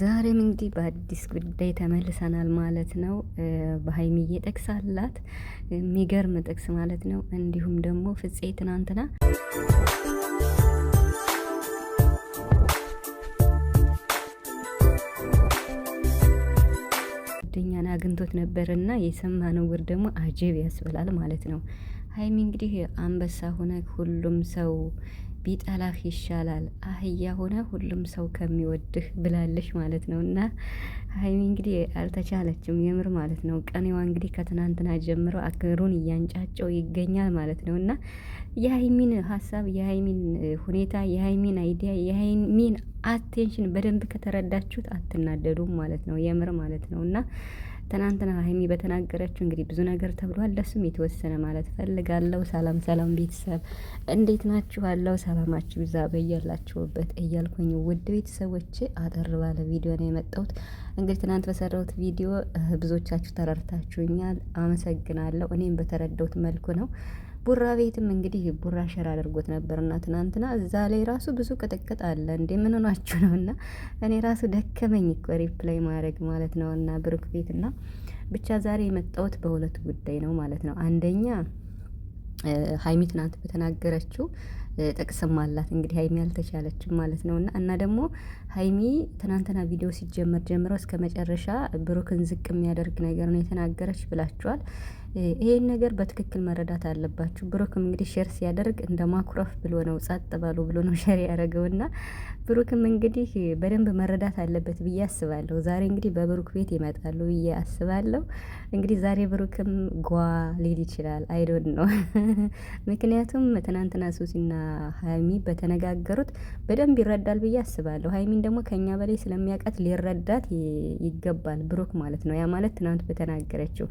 ዛሬም እንግዲህ በአዲስ ጉዳይ ተመልሰናል ማለት ነው። በሀይሚዬ ጥቅስ አላት የሚገርም ጥቅስ ማለት ነው። እንዲሁም ደግሞ ፍፄ ትናንትና ጓደኛን አግኝቶት ነበርና የሰማነው ጉድ ደግሞ አጀብ ያስብላል ማለት ነው። ሀይሚ እንግዲህ አንበሳ ሆነ ሁሉም ሰው ቢጠላህ ይሻላል አህያ ሆነ ሁሉም ሰው ከሚወድህ ብላለች ማለት ነው። እና ሀይሚ እንግዲህ አልተቻለችም የምር ማለት ነው። ቀኔዋ እንግዲህ ከትናንትና ጀምሮ አገሩን እያንጫጨው ይገኛል ማለት ነው። እና የሀይሚን ሀሳብ፣ የሀይሚን ሁኔታ፣ የሀይሚን አይዲያ፣ የሀይሚን አቴንሽን በደንብ ከተረዳችሁት አትናደዱም ማለት ነው። የምር ማለት ነው እና ትናንትና ሀይሚ በተናገረችው እንግዲህ ብዙ ነገር ተብሏል። ለሱም የተወሰነ ማለት ፈልጋለሁ። ሰላም ሰላም ቤተሰብ እንዴት ናችሁ? አለው ሰላማችሁ ይብዛ በያላችሁበት እያልኩኝ ውድ ቤተሰቦቼ አጠር ባለ ቪዲዮ ነው የመጣሁት። እንግዲህ ትናንት በሰራሁት ቪዲዮ ብዙዎቻችሁ ተረድታችሁኛል። አመሰግናለሁ። እኔም በተረዳሁት መልኩ ነው። ቡራ ቤትም እንግዲህ ቡራ ሸር አድርጎት ነበርና ትናንትና እዛ ላይ ራሱ ብዙ ቅጥቅጥ አለ። እንዴ ምን ሆናችሁ ነው? እና እኔ ራሱ ደከመኝ እኮ ሪፕላይ ማድረግ ማለት ነው። እና ብሩክ ቤትና ብቻ ዛሬ የመጣሁት በሁለት ጉዳይ ነው ማለት ነው። አንደኛ ሀይሚ ትናንት በተናገረችው ጥቅስም አላት እንግዲህ ሀይሚ አልተቻለችም ማለት ነው። እና እና ደግሞ ሀይሚ ትናንትና ቪዲዮ ሲጀመር ጀምረው እስከ መጨረሻ ብሩክን ዝቅ የሚያደርግ ነገር ነው የተናገረች ብላችኋል። ይሄን ነገር በትክክል መረዳት አለባችሁ። ብሩክም እንግዲህ ሼር ሲያደርግ እንደ ማኩረፍ ብሎ ነው ጸጥ ባሉ ብሎ ነው ሼር ያደረገው እና ብሩክም እንግዲህ በደንብ መረዳት አለበት ብዬ አስባለሁ። ዛሬ እንግዲህ በብሩክ ቤት ይመጣሉ ብዬ አስባለሁ። እንግዲህ ዛሬ ብሩክም ጓ ሊል ይችላል አይዶን ነው ምክንያቱም ትናንትና ሱሲና ሀይሚ በተነጋገሩት በደንብ ይረዳል ብዬ አስባለሁ። ሀይሚን ደግሞ ከኛ በላይ ስለሚያውቃት ሊረዳት ይገባል ብሩክ ማለት ነው። ያ ማለት ትናንት በተናገረችው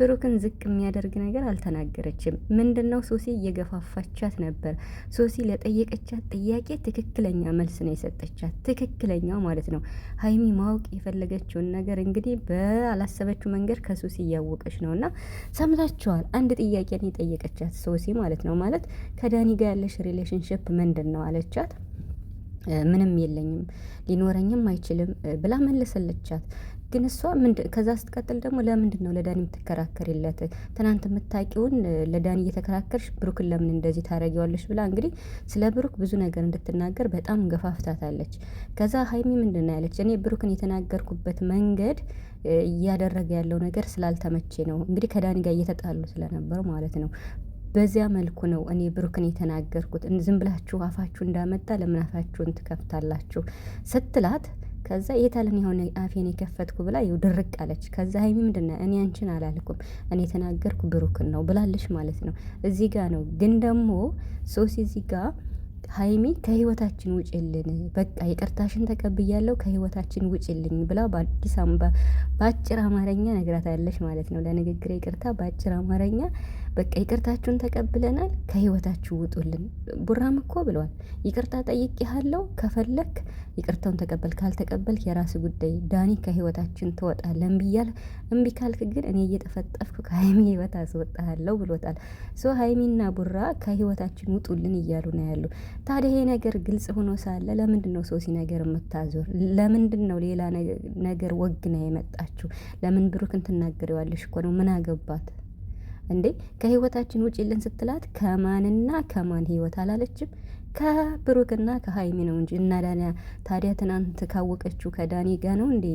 ብሩክን ዝቅ የሚያደርግ ነገር አልተናገረችም። ምንድን ነው ሶሲ እየገፋፋቻት ነበር። ሶሲ ለጠየቀቻት ጥያቄ ትክክለኛ መልስ ነው የሰጠቻት፣ ትክክለኛው ማለት ነው። ሀይሚ ማወቅ የፈለገችውን ነገር እንግዲህ በአላሰበችው መንገድ ከሶሲ እያወቀች ነው። እና ሰምታችኋል። አንድ ጥያቄ ነው የጠየቀቻት ሶሲ ማለት ነው። ማለት ከዳኒ ጋር ያለሽ ሪሌሽንሽፕ ምንድን ነው አለቻት። ምንም የለኝም ሊኖረኝም አይችልም ብላ መለሰለቻት። ግን እሷ ከዛ ስትቀጥል ደግሞ ለምንድን ነው ለዳኒ የምትከራከሪለት? ትናንት የምታውቂውን ለዳኒ እየተከራከርሽ ብሩክን ለምን እንደዚህ ታደርጊዋለሽ? ብላ እንግዲህ ስለ ብሩክ ብዙ ነገር እንድትናገር በጣም ገፋፍታታለች። ከዛ ሀይሚ ምንድን ነው ያለች? እኔ ብሩክን የተናገርኩበት መንገድ እያደረገ ያለው ነገር ስላልተመቼ ነው እንግዲህ ከዳኒ ጋር እየተጣሉ ስለነበር ማለት ነው በዚያ መልኩ ነው እኔ ብሩክን የተናገርኩት። ዝም ብላችሁ አፋችሁ እንዳመጣ ለምን አፋችሁን ትከፍታላችሁ ስትላት ከዛ የታለን የሆነ አፌን የከፈትኩ ብላ ይው ድርቅ አለች። ከዛ ሀይሚ ምንድን ነው እኔ አንቺን አላልኩም እኔ የተናገርኩ ብሩክን ነው ብላለች ማለት ነው። እዚህ ጋ ነው ግን ደግሞ ሶሲ እዚህ ጋር ሀይሚ ከህይወታችን ውጭልን፣ በቃ ይቅርታሽን ተቀብያለሁ ከህይወታችን ውጭልኝ ብላ በአዲስ አበባ በአጭር አማርኛ ነግራታለች ማለት ነው። ለንግግር ይቅርታ በአጭር አማርኛ በቃ ይቅርታችሁን ተቀብለናል ከህይወታችሁ ውጡልን። ቡራም እኮ ብለዋል ይቅርታ ጠይቄሃለሁ፣ ከፈለክ ይቅርታውን ተቀበል፣ ካልተቀበልክ የራስ ጉዳይ፣ ዳኒ ከህይወታችን ትወጣለህ፣ እምቢያል እምቢ ካልክ ግን እኔ እየጠፈጠፍኩ ከሀይሚ ህይወት አስወጣሃለሁ ብሎታል። ሶ ሀይሚና ቡራ ከህይወታችን ውጡልን እያሉ ነው ያሉ ታዲያ ይሄ ነገር ግልጽ ሆኖ ሳለ ለምንድን ነው ሶሲ ነገር የምታዞር? ለምንድን ነው ሌላ ነገር ወግና የመጣችሁ? ለምን ብሩክን ትናገሪዋለሽ እኮ ነው። ምን አገባት እንዴ? ከህይወታችን ውጪልን ስትላት ከማንና ከማን ህይወት አላለችም። ከብሩክና ከሀይሚ ነው እንጂ እና ዳንያ ታዲያ ትናንት ካወቀችው ከዳኒ ጋ ነው እንዴ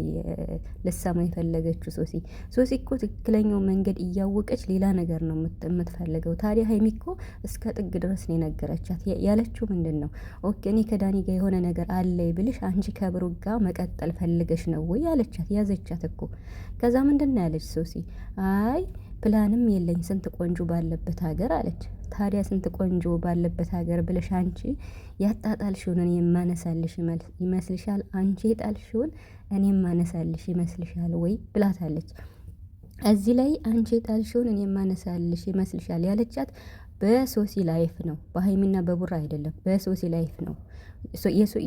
ልሰማ የፈለገችው? ሶሲ ሶሲ እኮ ትክክለኛው መንገድ እያወቀች ሌላ ነገር ነው የምትፈልገው። ታዲያ ሀይሚ እኮ እስከ ጥግ ድረስ ነው የነገረቻት። ያለችው ምንድን ነው? ኦኬ እኔ ከዳኒ ጋ የሆነ ነገር አለ ብልሽ አንቺ ከብሩክ ጋ መቀጠል ፈልገሽ ነው ወይ ያለቻት፣ ያዘቻት እኮ። ከዛ ምንድን ነው ያለች ሶሲ? አይ ፕላንም የለኝ ስንት ቆንጆ ባለበት ሀገር አለች ታዲያ ስንት ቆንጆ ባለበት ሀገር ብለሽ አንቺ ያጣጣልሽውን እኔ የማነሳልሽ ይመስልሻል? አንቺ የጣልሽውን እኔ የማነሳልሽ ይመስልሻል ወይ ብላታለች። እዚህ ላይ አንቺ የጣልሽውን እኔ የማነሳልሽ ይመስልሻል ያለቻት በሶሲ ላይፍ ነው፣ በሀይሚና በቡራ አይደለም። በሶሲ ላይፍ ነው።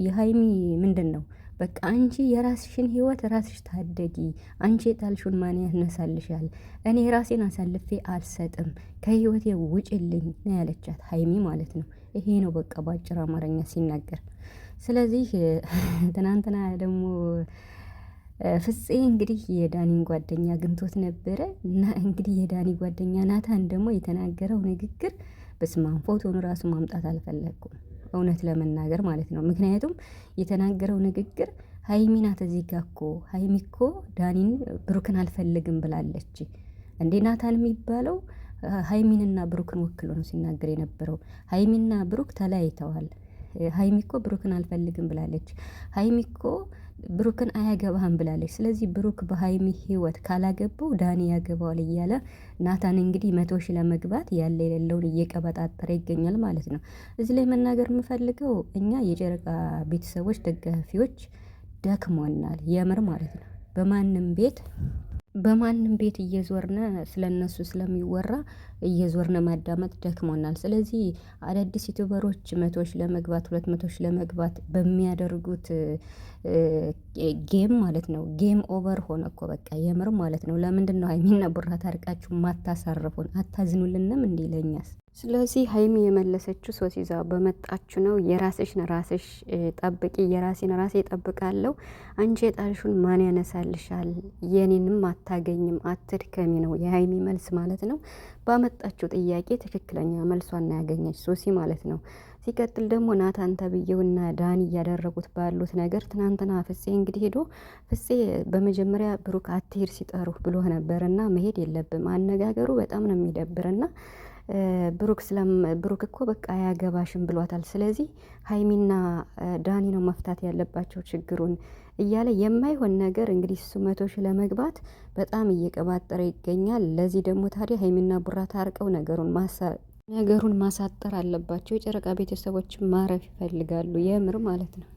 የሀይሚ ምንድን ነው በቃ አንቺ የራስሽን ህይወት ራስሽ ታደጊ። አንቺ የጣልሽውን ማን ያነሳልሻል? እኔ ራሴን አሳልፌ አልሰጥም፣ ከህይወቴ ውጭልኝ ነው ያለቻት ሀይሚ ማለት ነው። ይሄ ነው በቃ በአጭር አማርኛ ሲናገር። ስለዚህ ትናንትና ደግሞ ፍፄ እንግዲህ የዳኒን ጓደኛ አግኝቶት ነበረ እና እንግዲህ የዳኒ ጓደኛ ናታን ደግሞ የተናገረው ንግግር በስማን ፎቶን ራሱ ማምጣት አልፈለግኩም፣ እውነት ለመናገር ማለት ነው። ምክንያቱም የተናገረው ንግግር ሀይሚ ናት እዚህ ጋ እኮ ሀይሚ እኮ ዳኒን ብሩክን አልፈልግም ብላለች። እንዴ ናታን የሚባለው ሀይሚንና ብሩክን ወክሎ ነው ሲናገር የነበረው። ሀይሚና ብሩክ ተለያይተዋል። ሀይሚ እኮ ብሩክን አልፈልግም ብላለች። ሀይሚ እኮ ብሩክን አያገባህም ብላለች። ስለዚህ ብሩክ በሀይሚ ህይወት ካላገባው ዳኒ ያገባዋል እያለ ናታን እንግዲህ መቶ ሺ ለመግባት ያለ የሌለውን እየቀበጣጠረ ይገኛል ማለት ነው። እዚህ ላይ መናገር የምፈልገው እኛ የጨረቃ ቤተሰቦች ደጋፊዎች ደክሞናል፣ የምር ማለት ነው። በማንም ቤት በማንም ቤት እየዞርነ እነሱ ስለሚወራ እየዞርነ ማዳመጥ ደክሞናል። ስለዚህ አዳዲስ ዩቱበሮች ሺ ለመግባት ሁለት ሺ ለመግባት በሚያደርጉት ጌም ማለት ነው። ጌም ኦቨር ሆነ እኮ በቃ የምር ማለት ነው። ለምንድን ነው ሀይሚና ቡራ ታርቃችሁ ማታሳርፉን? አታዝኑልንም? እንዲህ ለኛስ። ስለዚህ ሀይሚ የመለሰችው ሶስ ይዛ በመጣችሁ ነው። የራስሽን ራስሽ ጠብቂ፣ የራሴን ራሴ ጠብቃለሁ። አንቺ የጣልሹን ማን ያነሳልሻል? የኔንም አታገኝም፣ አትድከሚ ነው የሀይሚ መልስ ማለት ነው። ባመጣችው ጥያቄ ትክክለኛ መልሷን ያገኘች ሶሲ ማለት ነው። ሲቀጥል ደግሞ ናታን ተብዬውና ዳኒ እያደረጉት ባሉት ነገር ትናንትና ፍፄ እንግዲህ ሄዶ ፍፄ በመጀመሪያ ብሩክ አትሄድ ሲጠሩ ብሎ ነበርና መሄድ የለብም አነጋገሩ በጣም ነው የሚደብርና ብሩክ ስለም ብሩክ እኮ በቃ አያገባሽም ብሏታል። ስለዚህ ሀይሚና ዳኒ ነው መፍታት ያለባቸው ችግሩን እያለ የማይሆን ነገር እንግዲህ እሱ መቶ ሺ ለመግባት በጣም እየቀባጠረ ይገኛል። ለዚህ ደግሞ ታዲያ ሀይሚና ቡራ ታርቀው ነገሩን ማሳ ነገሩን ማሳጠር አለባቸው። የጨረቃ ቤተሰቦችን ማረፍ ይፈልጋሉ የምር ማለት ነው።